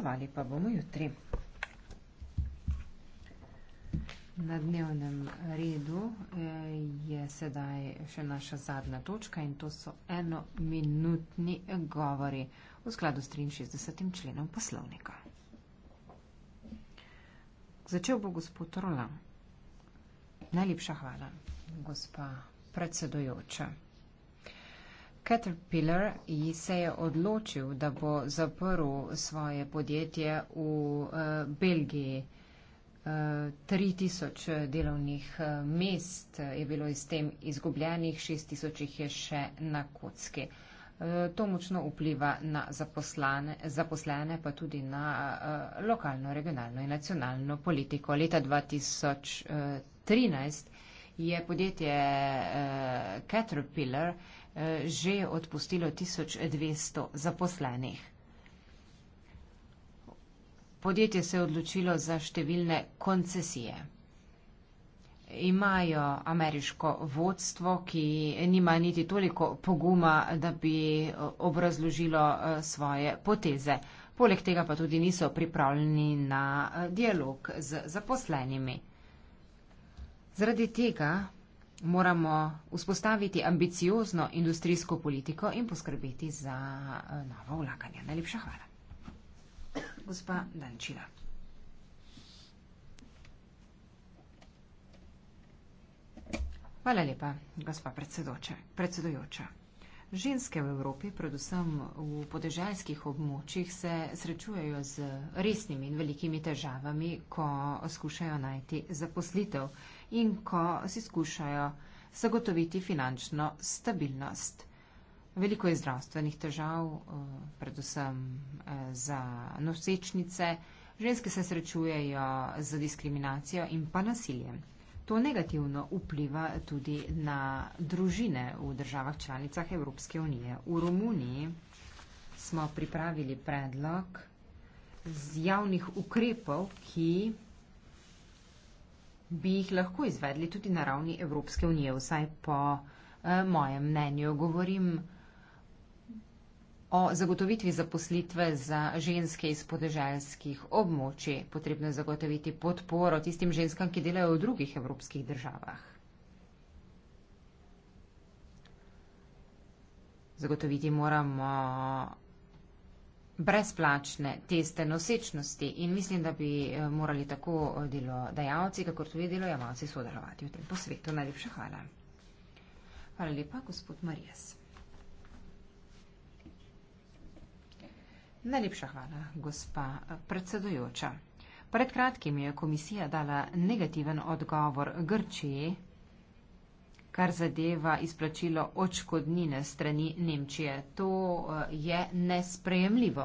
glasovali pa bomo jutri. Na dnevnem redu eh, je sedaj še naša zadnja točka in to so enominutni govori v skladu s 63. členom poslovnika. Začel bo gospod Rola. Najlepša hvala, gospa predsedojoča. Caterpillar se je odločil, da bo zaprl svoje podjetje v eh, Belgiji. 3000 eh, eh, delovnih mest je bilo iz tem izgubljenih, 6000 jih je še na kocki. To močno vpliva na zaposlane, zaposlene, pa tudi na lokalno, regionalno in nacionalno politiko. Leta 2013 je podjetje Caterpillar Eh, že odpustilo 1200 zaposlenih. Podjetje se je odločilo za številne koncesije. Imajo ameriško vodstvo, ki nima niti toliko poguma, da bi obrazložilo eh, svoje poteze. Poleg tega pa tudi niso pripravljeni na eh, dialog z zaposlenimi. Zaradi tega moramo vzpostaviti ambiciozno industrijsko politiko in poskrbeti za eh, nova vlaganja. Najlepša hvala. Gospa Dančila. Hvala lepa, gospa predsedujoča. Ženske v Evropi, predvsem v podeželjskih območjih, se srečujejo z resnimi in velikimi težavami, ko skušajo najti zaposlitev in ko si skušajo zagotoviti finančno stabilnost. Veliko je zdravstvenih težav, eh, predvsem eh, za nosečnice. Ženske se srečujejo z diskriminacijo in pa nasiljem. To negativno vpliva tudi na družine v državah članicah Evropske unije. V Romuniji smo pripravili predlog z javnih ukrepov, ki bi jih lahko izvedli tudi na ravni Evropske unije, vsaj po eh, mojem mnenju. Govorim o zagotovitvi zaposlitve za ženske iz podeželskih območij. Potrebno je zagotoviti podporo tistim ženskam, ki delajo v drugih evropskih državah. Zagotoviti moramo brezplačne teste nosečnosti in mislim, da bi eh, morali tako eh, delodajalci, kakor tudi delojemalci sodelovati v tem posvetu. Najlepša hvala. Hvala lepa, gospod Marijas. Najlepša hvala, gospa eh, predsedujoča. Pred kratkim je komisija dala negativen odgovor Grčiji kar zadeva izplačilo očkodnine strani Nemčije. To eh, je nesprejemljivo.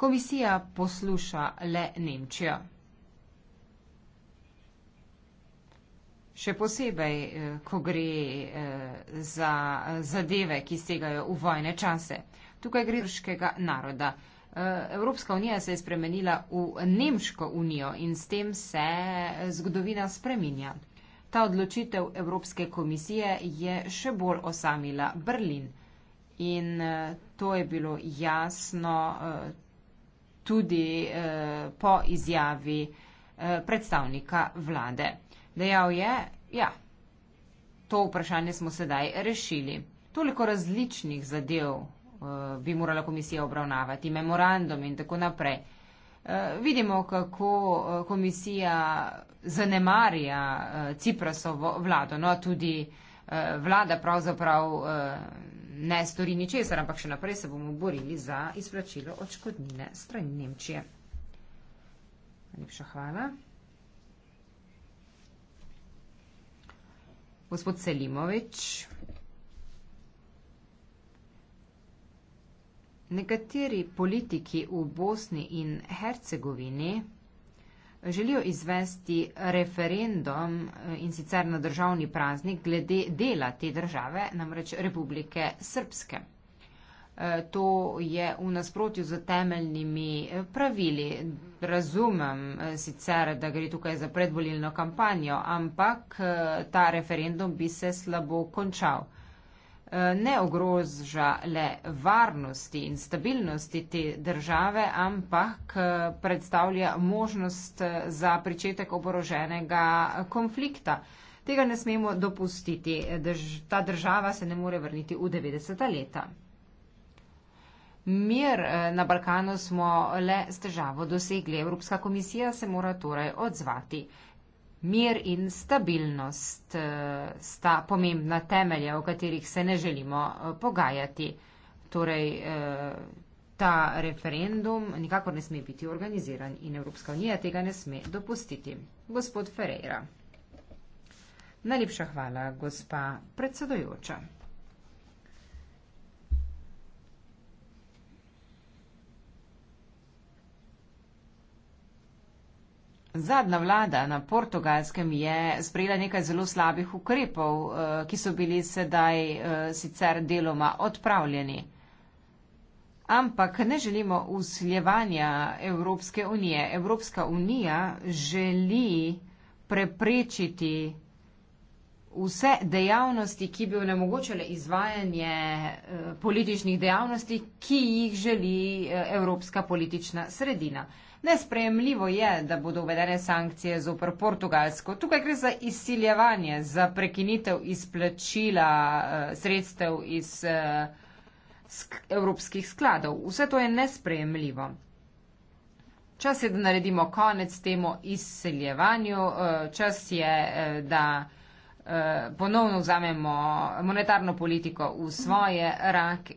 Komisija posluša le Nemčijo. Še posebej, eh, ko gre eh, za zadeve, ki segajo v vojne čase. Tukaj gre za grškega naroda. Eh, Evropska unija se je spremenila v Nemško unijo in s tem se eh, zgodovina spreminja. Ta odločitev Evropske komisije je še bolj osamila Berlin in eh, to je bilo jasno tudi po izjavi predstavnika vlade. Dejal je, ja, to vprašanje smo sedaj rešili. Toliko različnih zadev uh, bi morala komisija obravnavati, memorandum in tako naprej. Uh, vidimo, kako uh, komisija zanemarja uh, Ciprasovo vlado, no tudi uh, vlada pravzaprav uh, ne stori ničesar, ampak še naprej se bomo borili za izplačilo očkodnine strani Nemčije. Najlepša hvala. Gospod Selimovič. Nekateri politiki v Bosni in Hercegovini želijo izvesti referendum eh, in sicer na državni praznik glede dela te države, namreč Republike Srpske. Eh, to je v nasprotju z temeljnimi eh, pravili. Razumem sicer, da gre tukaj za predvolilno kampanjo, ampak ta referendum bi se slabo končal ne ogroža le varnosti in stabilnosti te države, ampak predstavlja možnost za pričetek oboroženega konflikta. Tega ne smemo dopustiti. Ta država se ne more vrniti v 90-ta leta. Mir na Balkanu smo le s težavo dosegli. Evropska komisija se mora torej odzvati mir in stabilnost eh, sta pomembna temelja, o katerih se ne želimo eh, pogajati. Torej, eh, ta referendum nikakor ne sme biti organiziran in Evropska unija tega ne sme dopustiti. Gospod Ferreira. Najlepša hvala, gospa predsedojoča. Zadnja vlada na portugalskem je sprejela nekaj zelo slabih ukrepov, eh, ki so bili sedaj eh, sicer deloma odpravljeni. Ampak ne želimo usiljevanja Evropske unije. Evropska unija želi preprečiti vse dejavnosti, ki bi onemogočale izvajanje eh, političnih dejavnosti, ki jih želi Evropska politična sredina. Nesprejemljivo je, da bodo uvedene sankcije zopr Portugalsko. Tukaj gre za izsiljevanje, za prekinitev izplačila eh, sredstev iz eh, sk evropskih skladov. Vse to je nesprejemljivo. Čas je, da naredimo konec temu izsiljevanju. Eh, čas je, da ponovno vzamemo monetarno politiko v svoje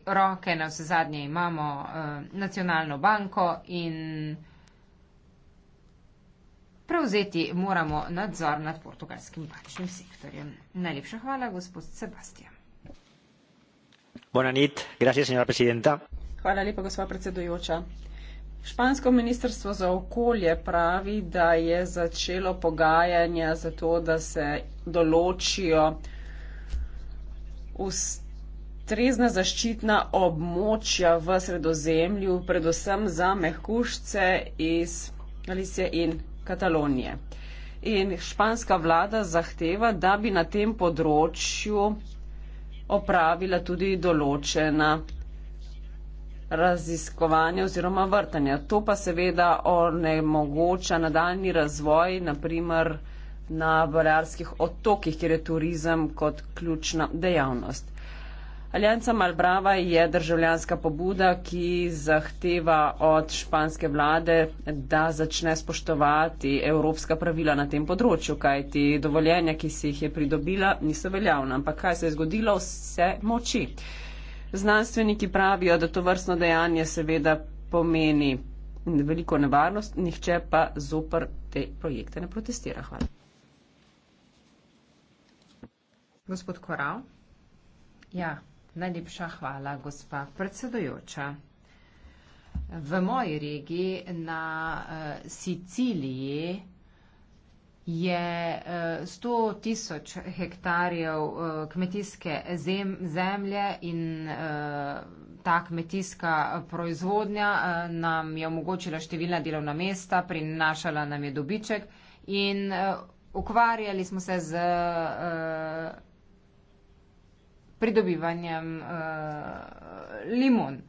roke. Na vse zadnje imamo nacionalno banko in prevzeti moramo nadzor nad portugalskim bančnim sektorjem. Najlepša hvala, gospod Sebastian. Bonanit, gracias, señora presidenta. Hvala lepa, gospod predsedujoča. Špansko ministrstvo za okolje pravi, da je začelo pogajanja za to, da se določijo ustrezna zaščitna območja v sredozemlju, predvsem za mehkušce iz Alice in Katalonije. In španska vlada zahteva, da bi na tem področju opravila tudi določena raziskovanja oziroma vrtanja. To pa seveda onemogoča nadaljni razvoj, naprimer na Balearskih otokih, kjer je turizem kot ključna dejavnost. Alianca Malbrava je državljanska pobuda, ki zahteva od španske vlade, da začne spoštovati evropska pravila na tem področju, kajti dovoljenja, ki si jih je pridobila, niso veljavna. Ampak kaj se je zgodilo? Vse moči. Znanstveniki pravijo, da to vrstno dejanje seveda pomeni veliko nevarnost, nihče pa zopr te projekte ne protestira. Hvala. Gospod Koral. Ja. Yeah. Najlepša hvala, gospa predsedujoča. V moji regiji na eh, Siciliji je 100 eh, tisoč hektarjev eh, kmetijske zemlje in ta kmetijska proizvodnja nam je omogočila številna delovna mesta, prinašala nam je dobiček in ukvarjali smo se z pridobivanjem uh, eh, limon.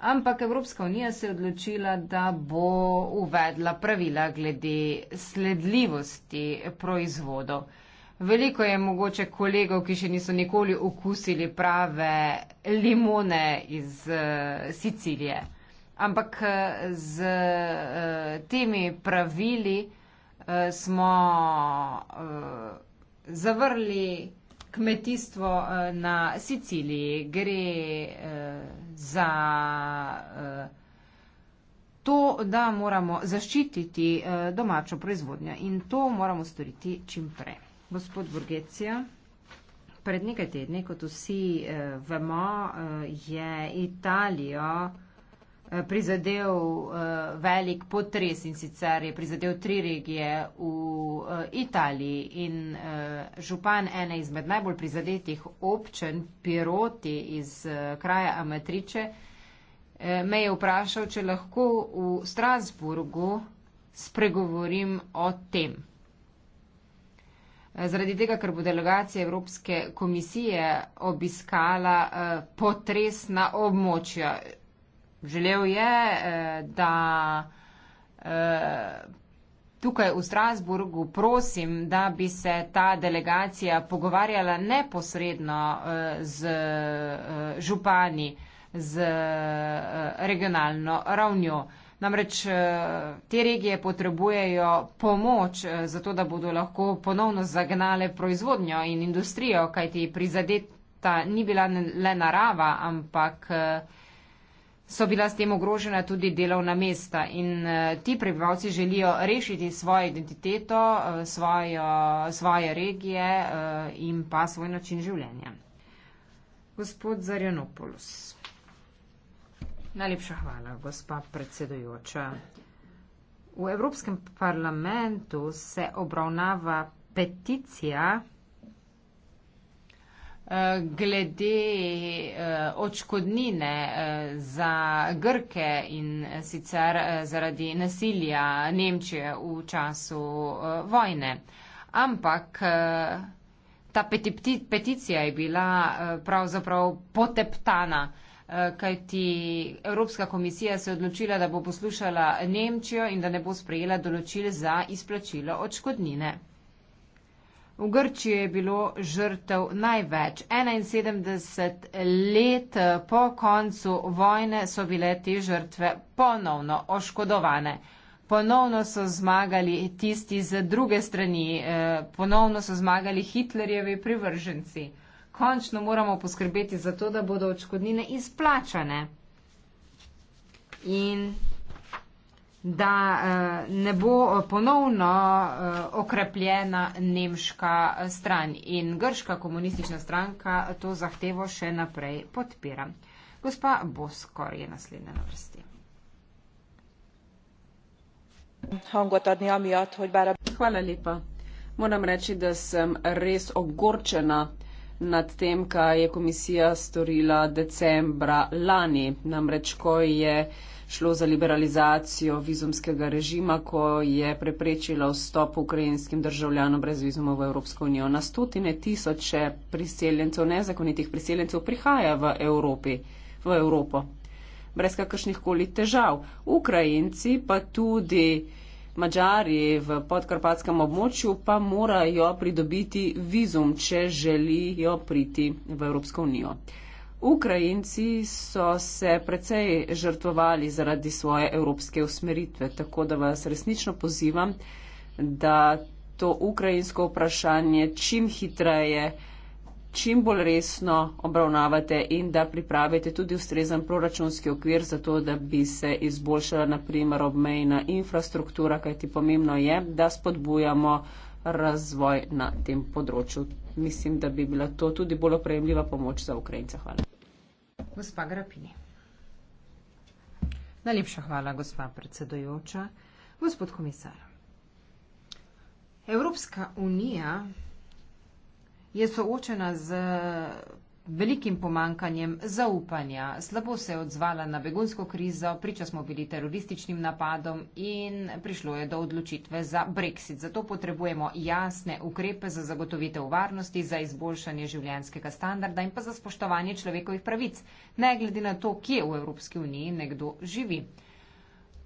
Ampak Evropska unija se je odločila, da bo uvedla pravila glede sledljivosti proizvodov. Veliko je mogoče kolegov, ki še niso nikoli okusili prave limone iz uh, Sicilije. Ampak eh, z uh, temi pravili uh, smo uh, zavrli kmetijstvo eh, na Siciliji. Gre eh, za eh, to, da moramo zaščititi domačo proizvodnjo in to moramo storiti čim prej. Gospod Burgecija, pred nekaj tedni, kot vsi vemo, je Italijo Eh, prizadel eh, velik potres in sicer je prizadel tri regije v eh, Italiji in župan ene izmed najbolj prizadetih občen, Piroti iz kraja Amatriče, me je vprašal, če lahko v Strasburgu spregovorim o tem. Zaradi tega, ker bo delegacija Evropske komisije obiskala potresna območja. Želel je, eh, da eh, tukaj v Strasburgu prosim, da bi se ta delegacija pogovarjala neposredno eh, z župani, z regionalno ravnjo. Namreč te regije potrebujejo pomoč, zato da bodo lahko ponovno zagnale proizvodnjo in industrijo, kajti prizadeta ni bila le narava, ampak so bila s tem ogrožena tudi delovna mesta in eh, ti prebivalci želijo rešiti svojo identiteto, eh, svojo, svoje regije eh, in pa svoj način življenja. Gospod Zarjanopoulos. Najlepša hvala, gospa predsedujoča. V Evropskem parlamentu se obravnava peticija glede eh, očkodnine eh, za Grke in sicer eh, zaradi nasilja Nemčije v času vojne. Ampak ta peticija je bila pravzaprav poteptana, kajti Evropska komisija se je odločila, da bo poslušala Nemčijo in da ne bo sprejela določil za izplačilo očkodnine. V Grčiji je bilo žrtev največ. 71 let po koncu vojne so bile te žrtve ponovno oškodovane. Ponovno so zmagali tisti z druge strani, eh, ponovno so zmagali Hitlerjevi privrženci. Končno moramo poskrbeti za to, da bodo očkodnine izplačane. In da eh, ne bo eh, ponovno eh, okrepljena nemška stran in grška komunistična stranka to zahtevo še naprej podpira. Gospa Boskor je naslednja na vrsti. Hvala lepa. Moram reči, da sem res ogorčena nad tem, kaj je komisija storila decembra lani, namreč ko je šlo za liberalizacijo vizumskega režima, ko je preprečila vstop ukrajinskim državljanom brez vizumov v Evropsko unijo. Na stotine tisoče priseljencev, nezakonitih priseljencev prihaja v, Evropi, v Evropo brez kakršnih koli težav. Ukrajinci pa tudi. Mačari v podkarpatskem območju pa morajo pridobiti vizum, če želijo priti v Evropsko unijo. Ukrajinci so se precej žrtvovali zaradi svoje evropske usmeritve, tako da vas resnično pozivam, da to ukrajinsko vprašanje čim hitreje, čim bolj resno obravnavate in da pripravite tudi ustrezen proračunski okvir za to, da bi se izboljšala naprimer obmejna infrastruktura, kajti pomembno je, da spodbujamo razvoj na tem področju. Mislim, da bi bila to tudi bolj oprejemljiva pomoč za Ukrajince. Hvala. Gospa Grapini. Najlepša hvala, gospa predsedojoča. Gospod komisar. Evropska unija je soočena z velikim pomankanjem zaupanja. Slabo se je odzvala na begunsko krizo, priča smo bili terorističnim napadom in prišlo je do odločitve za brexit. Zato potrebujemo jasne ukrepe za zagotovitev varnosti, za izboljšanje življenskega standarda in pa za spoštovanje človekovih pravic, ne glede na to, kje v Evropski uniji nekdo živi.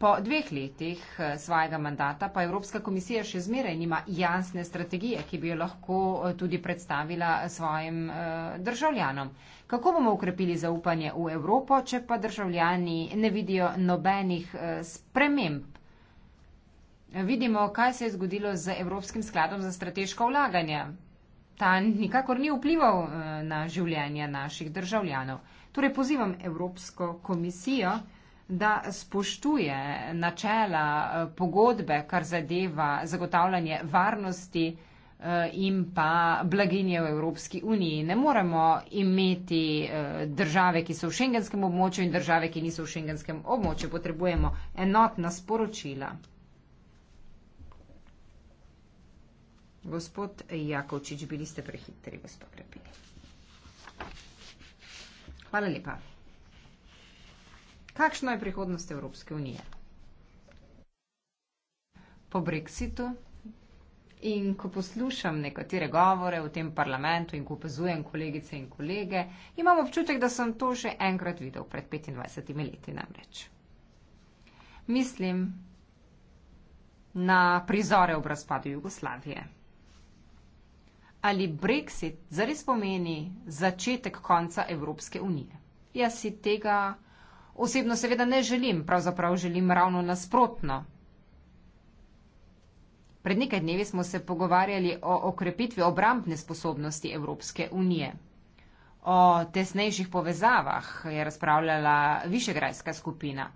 Po dveh letih eh, svojega mandata pa Evropska komisija še zmeraj nima jasne strategije, ki bi jo lahko eh, tudi predstavila eh, svojim državljanom. Kako bomo ukrepili zaupanje v Evropo, če pa državljani ne vidijo nobenih sprememb? Vidimo, kaj se je zgodilo z Evropskim skladom za strateško vlaganje. Ta nikakor ni vplival na življenje naših državljanov. Torej pozivam Evropsko komisijo da spoštuje načela eh, pogodbe, kar zadeva zagotavljanje varnosti eh, in pa blaginje v Evropski uniji. Ne moremo imeti eh, države, ki so v šengenskem območju in države, ki niso v šengenskem območju. Potrebujemo enotna sporočila. Gospod Jakovčič, bili ste prehitri, gospod Repi. Hvala lepa. Kakšna je prihodnost Evropske unije? Po Brexitu in ko poslušam nekatere govore v tem parlamentu in ko opazujem kolegice in kolege, imam občutek, da sem to že enkrat videl, pred 25 leti namreč. Mislim na prizore ob razpadu Jugoslavije. Ali Brexit zares pomeni začetek konca Evropske unije? Jaz si tega osebno seveda ne želim, pravzaprav želim ravno nasprotno. Pred nekaj dnevi smo se pogovarjali o okrepitvi obrambne sposobnosti Evropske unije. O tesnejših povezavah je razpravljala Višegrajska skupina.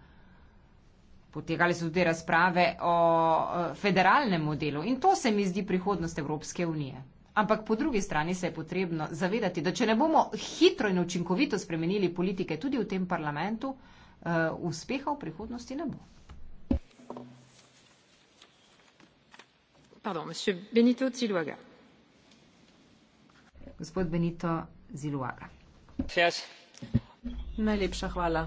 Potekali so tudi razprave o eh, federalnem modelu in to se mi zdi prihodnost Evropske unije. Ampak po drugi strani se je potrebno zavedati, da če ne bomo hitro in učinkovito spremenili politike tudi v tem parlamentu, uh, uspeha v prihodnosti ne bo. Pardon, Benito Gospod Benito Ziluaga. Yes. Najlepša hvala.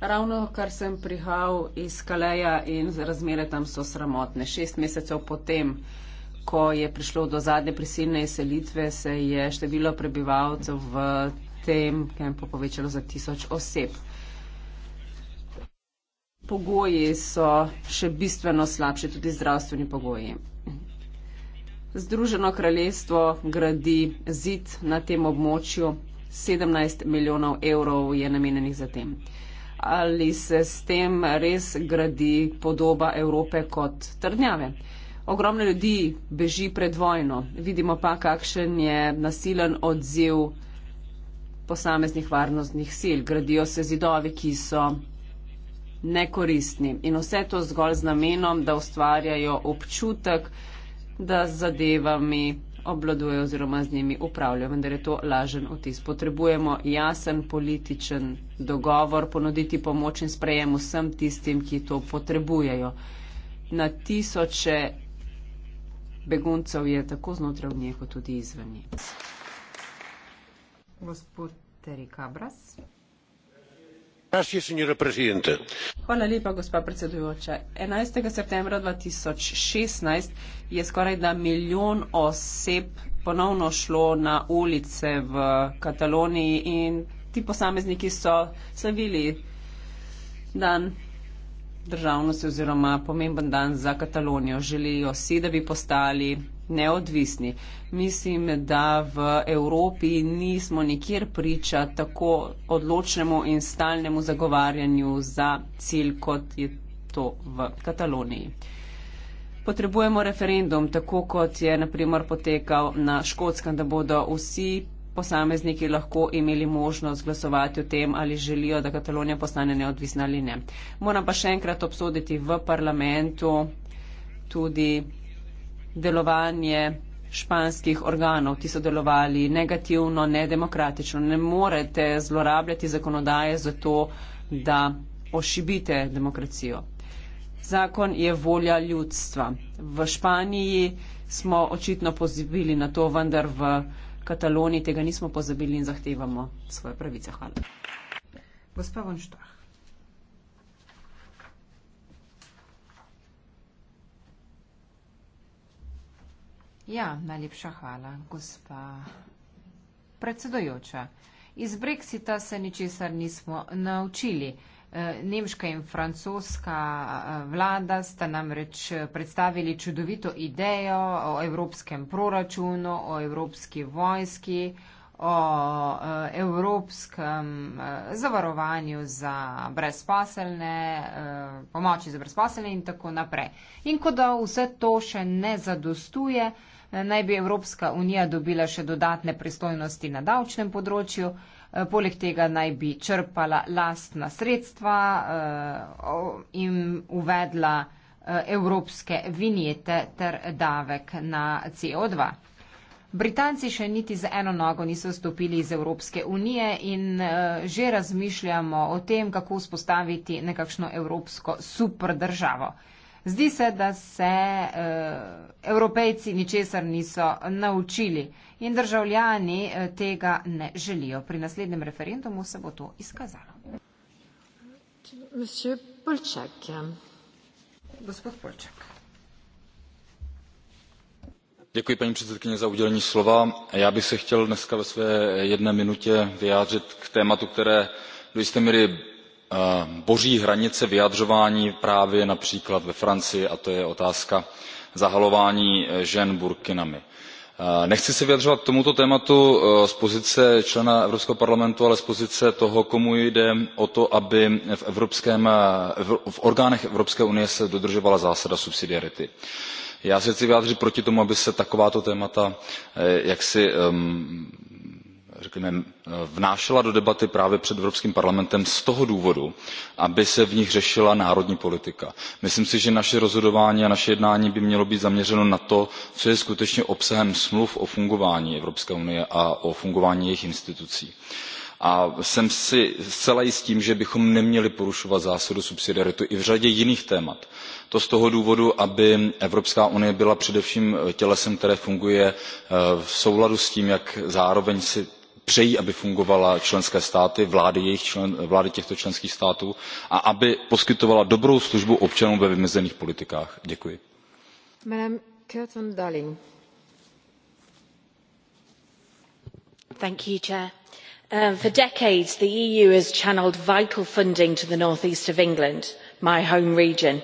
Ravno kar sem prihal iz Kaleja in razmere tam so sramotne. Šest mesecev potem ko je prišlo do zadnje prisilne izselitve, se je število prebivalcev v tem kampu povečalo za tisoč oseb. Pogoji so še bistveno slabši, tudi zdravstveni pogoji. Združeno kraljestvo gradi zid na tem območju, 17 milijonov evrov je namenjenih za tem. Ali se s tem res gradi podoba Evrope kot trdnjave? Ogromno ljudi beži pred vojno. Vidimo pa, kakšen je nasilen odziv posameznih varnostnih sil. Gradijo se zidovi, ki so nekoristni. In vse to zgolj z namenom, da ustvarjajo občutek, da z zadevami obladujejo oziroma z njimi upravljajo. Vendar je to lažen vtis. Potrebujemo jasen političen dogovor, ponuditi pomoč in sprejem vsem tistim, ki to potrebujejo. Na tisoče beguncev je tako znotraj nje, kot tudi izven nje. Gospod Terry Cabras. Hvala lepa, gospa predsedujoča. 11. septembra 2016 je skoraj da milijon oseb ponovno šlo na ulice v Kataloniji in ti posamezniki so slavili dan državnosti oziroma pomemben dan za Katalonijo. Želijo si, da bi postali neodvisni. Mislim, da v Evropi nismo nikjer priča tako odločnemu in stalnemu zagovarjanju za cilj, kot je to v Kataloniji. Potrebujemo referendum, tako kot je naprimer potekal na Škotskem, da bodo vsi posamezniki lahko imeli možnost glasovati o tem, ali želijo, da Katalonija postane neodvisna ali ne. Moram pa še enkrat obsoditi v parlamentu tudi delovanje španskih organov, ki so delovali negativno, nedemokratično. Ne morete zlorabljati zakonodaje zato, da ošibite demokracijo. Zakon je volja ljudstva. V Španiji smo očitno pozivili na to, vendar v Kataloniji tega nismo pozabili in zahtevamo svoje pravice. Hvala. Gospa Vonštah. Ja, najlepša hvala, gospa predsedojoča. Iz Brexita se ničesar nismo naučili. Eh, nemška in francoska eh, vlada sta namreč eh, predstavili čudovito idejo o evropskem proračunu, o evropski vojski, o evropskem zavarovanju za brezposelne, pomoči za brezposelne in tako naprej. In ko da vse to še ne zadostuje, naj bi Evropska unija dobila še dodatne pristojnosti na davčnem področju. Eh, poleg tega naj bi črpala lastna sredstva eh, in uvedla eh, evropske vinjete ter davek na CO2. Britanci še niti z eno nogo niso stopili iz Evropske unije in že razmišljamo o tem, kako vzpostaviti nekakšno evropsko super državo. Zdi se, da se uh, evropejci ničesar niso naučili in državljani eh, tega ne želijo. Pri naslednjem referendumu se bo to izkazalo. Polčak, ja. Gospod Polček. Děkuji, paní předsedkyně, za udělení slova. Já bych se chtěl dneska ve své jedné minutě vyjádřit k tématu, které do jisté míry Eh, boří hranice vyjadřování právě například ve francii a to je otázka zahalování eh, žen burkinami. Eh, nechci se vyjadřovat k tomuto tématu z pozice člena evropského parlamentu ale z pozice toho komu jde o to aby se v orgánech evropské unie dodržovala zásada subsidiarity. já se chci vyjádřit proti tomu aby se takováto témata jaksi řekněme eh, vnášela do debaty právě před evropským parlamentem z toho důvodu aby se v nich řešila národní politika. myslím si že naše rozhodování a naše jednání by mělo být zaměřeno na to co je skutečně obsahem smluv o fungování evropské unie a o fungování jejích institucí. a jsem si zcela jist tím že bychom neměli porušovat zásadu subsidiarity i v řadě jiných témat. to z toho důvodu aby evropská unie byla především tělesem které funguje eh, v souladu s tím jak zároveň si přejí aby fungovaly členské státy vlády těchto členských států a aby poskytovaly dobrou službu občanům ve vymezených politikách. děkuji. Uh, for decades the eu has channelled vital funding to the north east of england my home region.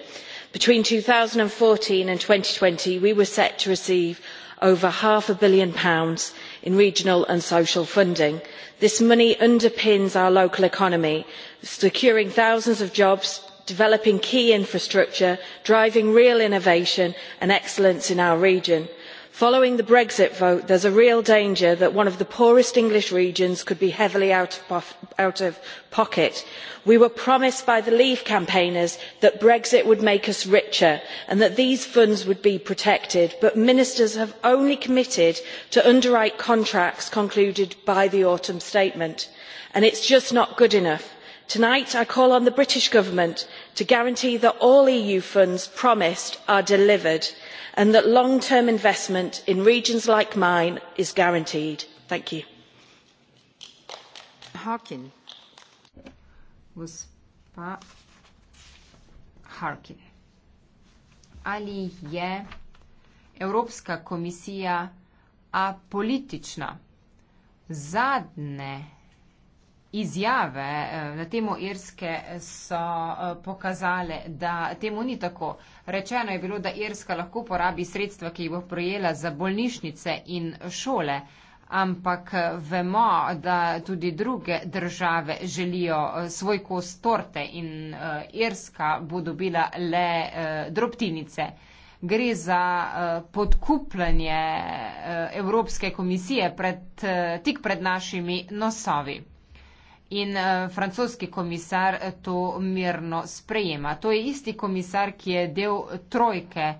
between two thousand and fourteen and two thousand and twenty we were set to receive over half a billion pounds in regional and social funding. this money underpins our local economy securing thousands of jobs developing key infrastructure driving real innovation and excellence in our region following the brexit vote there is a real danger that one of the poorest english regions could be heavily out of pocket. we were promised by the leave campaigners that brexit would make us richer and that these funds would be protected but ministers have only committed to underwrite contracts concluded by the autumn statement and it is just not good enough. tonight i call on the british government to guarantee that all eu funds promised are delivered and that long term investment in regions like mine is guaranteed. thank you. ali je evropska komisija apolitična? zadnje izjave eh, na temo Irske so eh, pokazale, da temu ni tako. Rečeno je bilo, da Irska lahko porabi sredstva, ki jih bo projela za bolnišnice in šole, ampak eh, vemo, da tudi druge države želijo svoj kos torte in Irska bo dobila le drobtinice. Gre za podkupljanje Evropske komisije pred, tik pred našimi nosovi in uh, francoski komisar eh, to mirno sprejema. To je isti komisar, ki je del trojke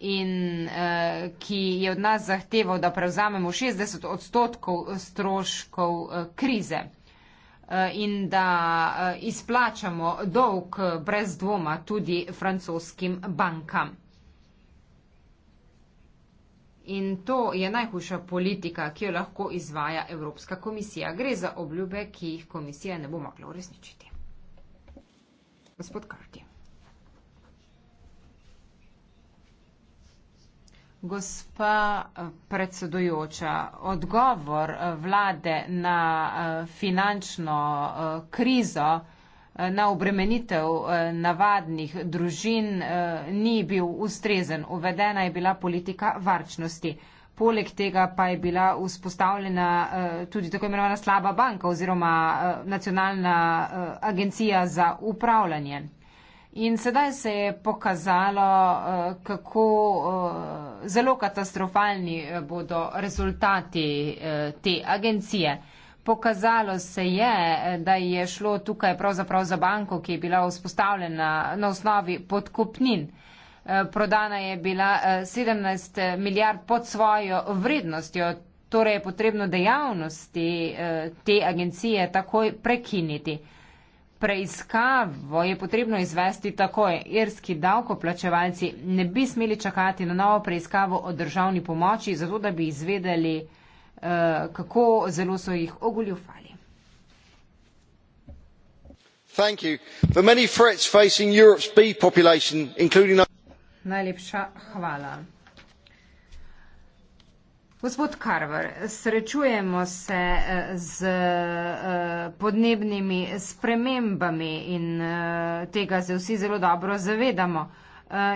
in uh, ki je od nas zahteval, da prevzamemo 60 odstotkov stroškov uh, krize uh, in da uh, izplačamo dolg brez dvoma tudi francoskim bankam. In to je najhujša politika, ki jo lahko izvaja Evropska komisija. Gre za obljube, ki jih komisija ne bo mogla uresničiti. Gospod Karti. Gospa eh, predsedujoča, odgovor eh, vlade na eh, finančno krizo, na obremenitev eh, navadnih družin eh, ni bil ustrezen. Uvedena je bila politika varčnosti. Poleg tega pa je bila vzpostavljena eh, tudi tako imenovana slaba banka oziroma nacionalna agencija za upravljanje. In sedaj se je pokazalo, kako zelo katastrofalni bodo rezultati te agencije. Pokazalo se je, da je šlo tukaj pravzaprav za banko, ki je bila vzpostavljena na osnovi podkopnin. Eh, prodana je bila 17 eh, milijard pod svojo vrednostjo, torej je potrebno dejavnosti eh, te agencije takoj prekiniti. Preiskavo je potrebno izvesti takoj. Irski davkoplačevalci ne bi smeli čakati na novo preiskavo o državni pomoči, zato da bi izvedeli, Eh, kako zelo so jih ogoljufali. Najlepša hvala. Gospod Carver, srečujemo se eh, z eh, podnebnimi spremembami in tega se vsi zelo dobro zavedamo.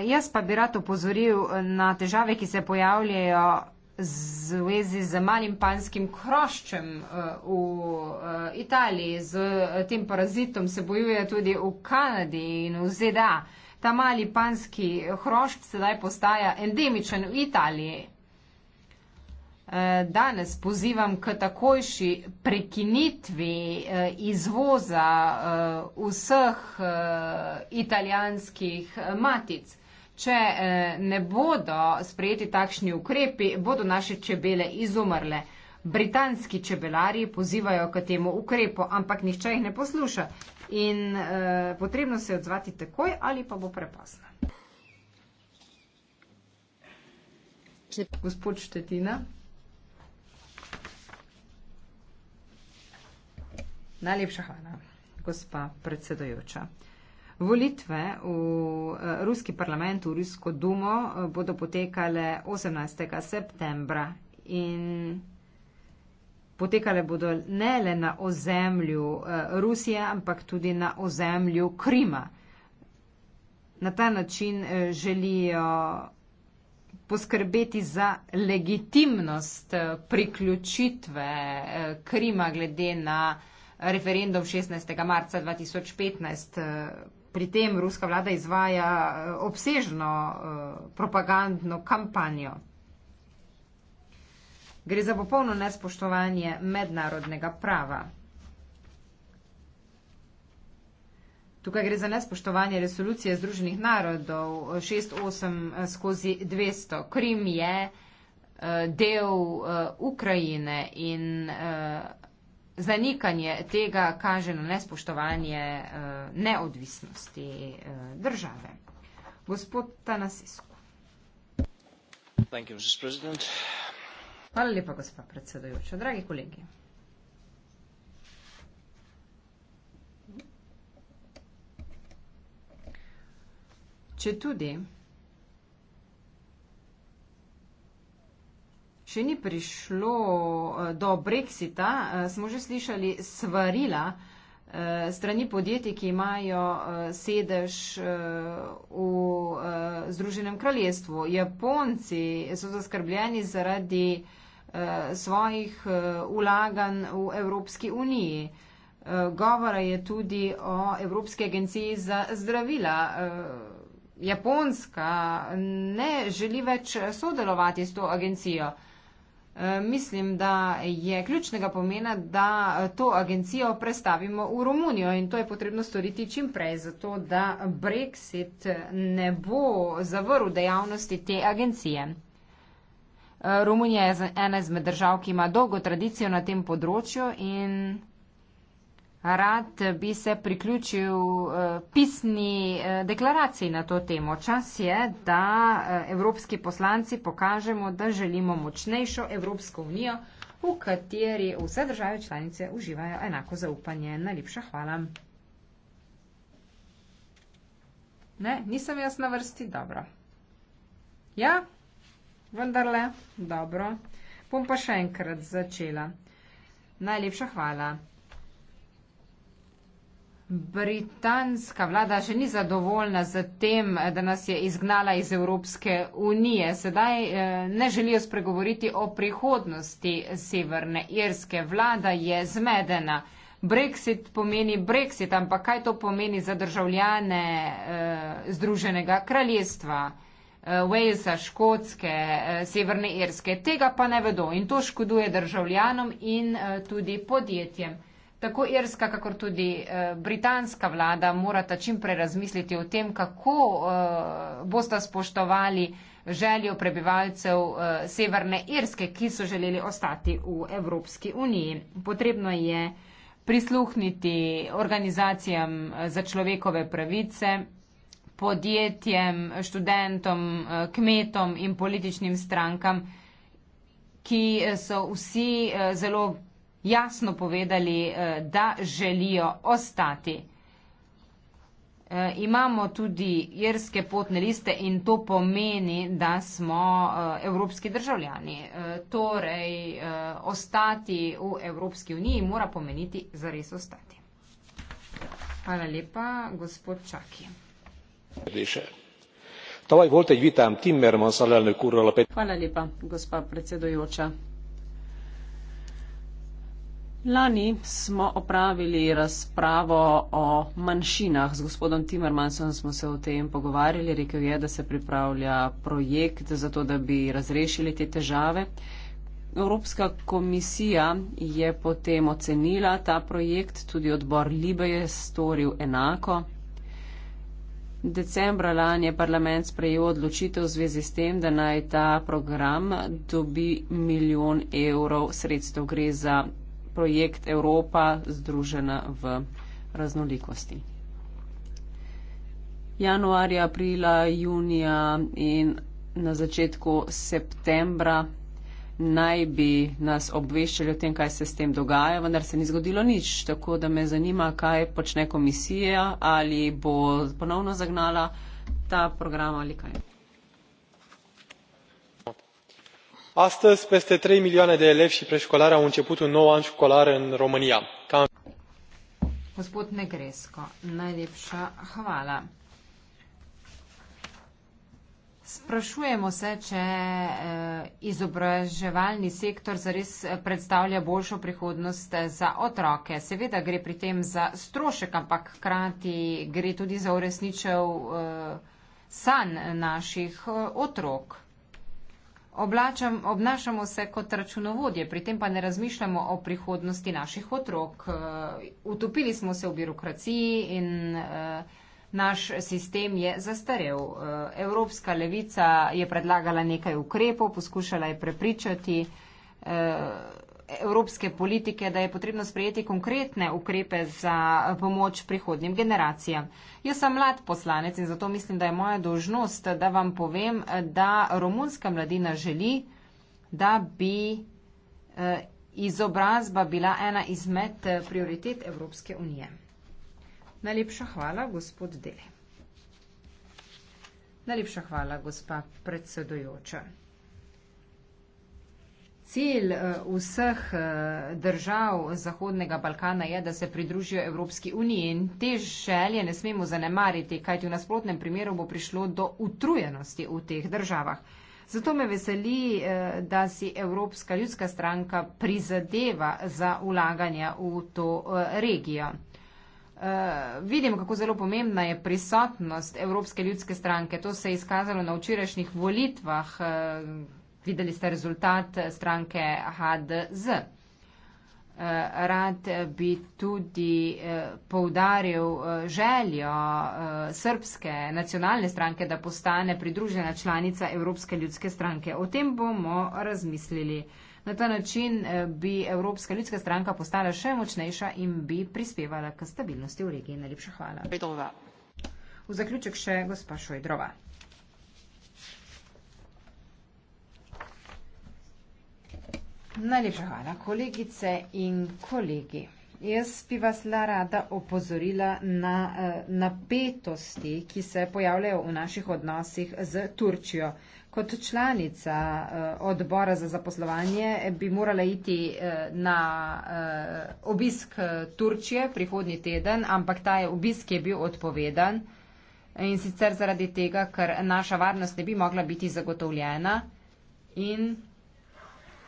Jaz pa bi rad upozoril na težave, ki se pojavljajo zvezi z malim panskim kroščem eh, v eh, Italiji, z eh, tem parazitom se bojuje tudi v Kanadi in v ZDA. Ta mali panski hrošč sedaj postaja endemičen v Italiji. Danes pozivam k takojši prekinitvi izvoza vseh italijanskih matic. Če eh, ne bodo sprejeti takšni ukrepi, bodo naše čebele izumrle. Britanski čebelari pozivajo k temu ukrepu, ampak nihče jih ne posluša. In eh, potrebno se je odzvati takoj ali pa bo prepasno. Če... Gospod Štetina. Najlepša hvala, gospa predsedojoča. Volitve v eh, ruski parlament, v rusko dumo, eh, bodo potekale 18. septembra in potekale bodo ne le na ozemlju eh, Rusije, ampak tudi na ozemlju Krima. Na ta način želijo poskrbeti za legitimnost priključitve Krima glede na referendum 16. marca 2015 pri tem ruska vlada izvaja eh, obsežno eh, propagandno kampanjo. Gre za popolno nespoštovanje mednarodnega prava. Tukaj gre za nespoštovanje resolucije Združenih narodov 6.8 eh, skozi 200. Krim je del Ukrajine in zanikanje tega kaže na nespoštovanje eh, neodvisnosti eh, države. Gospod Tanasisko. Hvala lepa, gospod predsedujoča. Dragi kolegi. Če tudi še ni prišlo eh, do brexita, eh, smo že slišali svarila eh, strani podjetij, ki imajo sedež v Združenem kraljestvu. Japonci so zaskrbljeni zaradi svojih ulaganj v Evropski uniji. Govora je tudi o Evropski agenciji za zdravila. Japonska ne želi več sodelovati s to agencijo. Eh, mislim, da je ključnega pomena, da eh, to agencijo prestavimo v Romunijo in to je potrebno storiti čim prej, zato da Brexit ne bo zavrl dejavnosti te agencije. Eh, Romunija je ena izmed držav, ki ima dolgo tradicijo na tem področju in rad bi se priključil eh, pisni eh, deklaraciji na to temo. Čas je, da eh, evropski poslanci pokažemo, da želimo močnejšo Evropsko unijo, v kateri vse države članice uživajo enako zaupanje. Najlepša hvala. Ne, nisem jaz na vrsti, dobro. Ja, vendarle, dobro. Bom pa še enkrat začela. Najlepša hvala. Britanska vlada še ni zadovoljna z tem, da nas je izgnala iz Evropske unije. Sedaj eh, ne želijo spregovoriti o prihodnosti Severne Irske. Vlada je zmedena. Brexit pomeni Brexit, ampak kaj to pomeni za državljane eh, Združenega kraljestva, eh, Walesa, Škotske, eh, Severne Irske? Tega pa ne vedo in to škoduje državljanom in eh, tudi podjetjem. Tako irska, kakor tudi eh, britanska vlada morata čimprej razmisliti o tem, kako eh, boste spoštovali željo prebivalcev eh, Severne Irske, ki so želeli ostati v Evropski uniji. Potrebno je prisluhniti organizacijam za človekove pravice, podjetjem, študentom, kmetom in političnim strankam, ki so vsi zelo jasno povedali, eh, da želijo ostati. Eh, imamo tudi jerske potne liste in to pomeni, da smo eh, evropski državljani. Torej, ostati v Evropski uniji mora pomeniti zares ostati. Hvala lepa, gospod Čaki. Hvala lepa, gospa predsedujoča. Lani smo opravili razpravo o manjšinah. Z gospodom Timmermansom smo se o tem pogovarjali. Rekel je, da se pripravlja projekt za to, da bi razrešili te težave. Evropska komisija je potem ocenila ta projekt, tudi odbor Libe je storil enako. Decembra lani je parlament sprejel odločitev v zvezi s tem, da naj ta program dobi milijon evrov sredstev. Gre za projekt Evropa združena v raznolikosti. Januarja, aprila, junija in na začetku septembra naj bi nas obveščali o tem, kaj se s tem dogaja, vendar se ni zgodilo nič. Tako da me zanima, kaj počne komisija, ali bo ponovno zagnala ta program ali kaj. astăzi peste trei milioane de elevi și preșcolari au început un nou an școlar în România. Gospod Negresko, najlepša hvala. Sprašujemo se, če eh, izobraževalni sektor zares eh, predstavlja boljšo prihodnost eh, za otroke. Seveda gre pri tem za strošek, ampak krati gre tudi za uresničev san naših otrok. Oblačam, obnašamo se kot računovodje, pri tem pa ne razmišljamo o prihodnosti naših otrok. E, utopili smo se v birokraciji in e, naš sistem je zastarel. E, Evropska levica je predlagala nekaj ukrepov, poskušala je prepričati evropske politike, da je potrebno sprejeti konkretne ukrepe za pomoč prihodnjim generacijam. Jaz sem mlad poslanec in zato mislim, da je moja dožnost, da vam povem, da romunska mladina želi, da bi eh, izobrazba bila ena izmed eh, prioritet Evropske unije. Najlepša hvala, gospod Dele. Najlepša hvala, gospa predsedujoča cilj eh, vseh eh, držav Zahodnega Balkana je, da se pridružijo Evropski uniji in te želje ne smemo zanemariti, kajti v nasprotnem primeru bo prišlo do utrujenosti v teh državah. Zato me veseli, eh, da si Evropska ljudska stranka prizadeva za ulaganje v to regijo. Vidimo, kako zelo pomembna je prisotnost Evropske ljudske stranke. To se je izkazalo na včerajšnjih volitvah, Videli ste rezultat stranke HDZ. Eh, rad bi tudi eh, poudaril eh, željo srpske nacionalne stranke, da postane pridružena članica Evropske ljudske stranke. O tem bomo razmislili. Na ta način bi Evropska ljudska stranka postala še močnejša in bi prispevala k stabilnosti v regiji. Najlepša hvala. V zaključek še gospa Šojdrova. Najlepša hvala, kolegice in kolegi. Jaz bi vas la rada opozorila na eh, napetosti, ki se pojavljajo v naših odnosih z Turčijo. Kot članica eh, odbora za zaposlovanje bi morala iti eh, na obisk Turčije prihodnji teden, ampak ta obisk je bil odpovedan in sicer zaradi tega, ker naša varnost ne bi mogla biti zagotovljena. In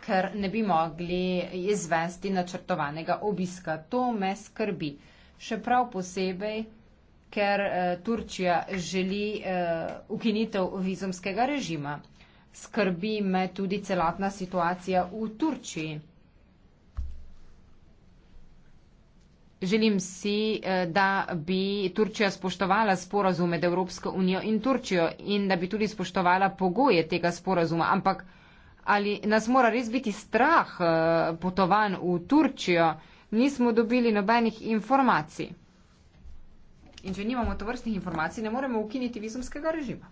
ker ne bi mogli izvesti načrtovanega obiska. To me skrbi. Še prav posebej, ker eh, Turčija želi eh, ukinitev vizumskega režima. Skrbi me tudi celotna situacija v Turčiji. Želim si, eh, da bi Turčija spoštovala sporazum med Evropsko unijo in Turčijo in da bi tudi spoštovala pogoje tega sporazuma, ampak ali nas mora res biti strah eh, potovanj v Turčijo, nismo dobili nobenih informacij. In če nimamo tovrstnih informacij, ne moremo ukiniti vizumskega režima.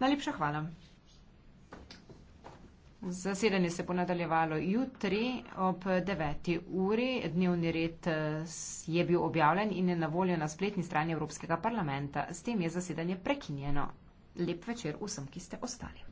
Najlepša hvala. Zasedanje se bo nadaljevalo jutri ob 9. uri. Dnevni red eh, je bil objavljen in je na voljo na spletni strani Evropskega parlamenta. S tem je zasedanje prekinjeno. Lep večer vsem, ki ste ostali.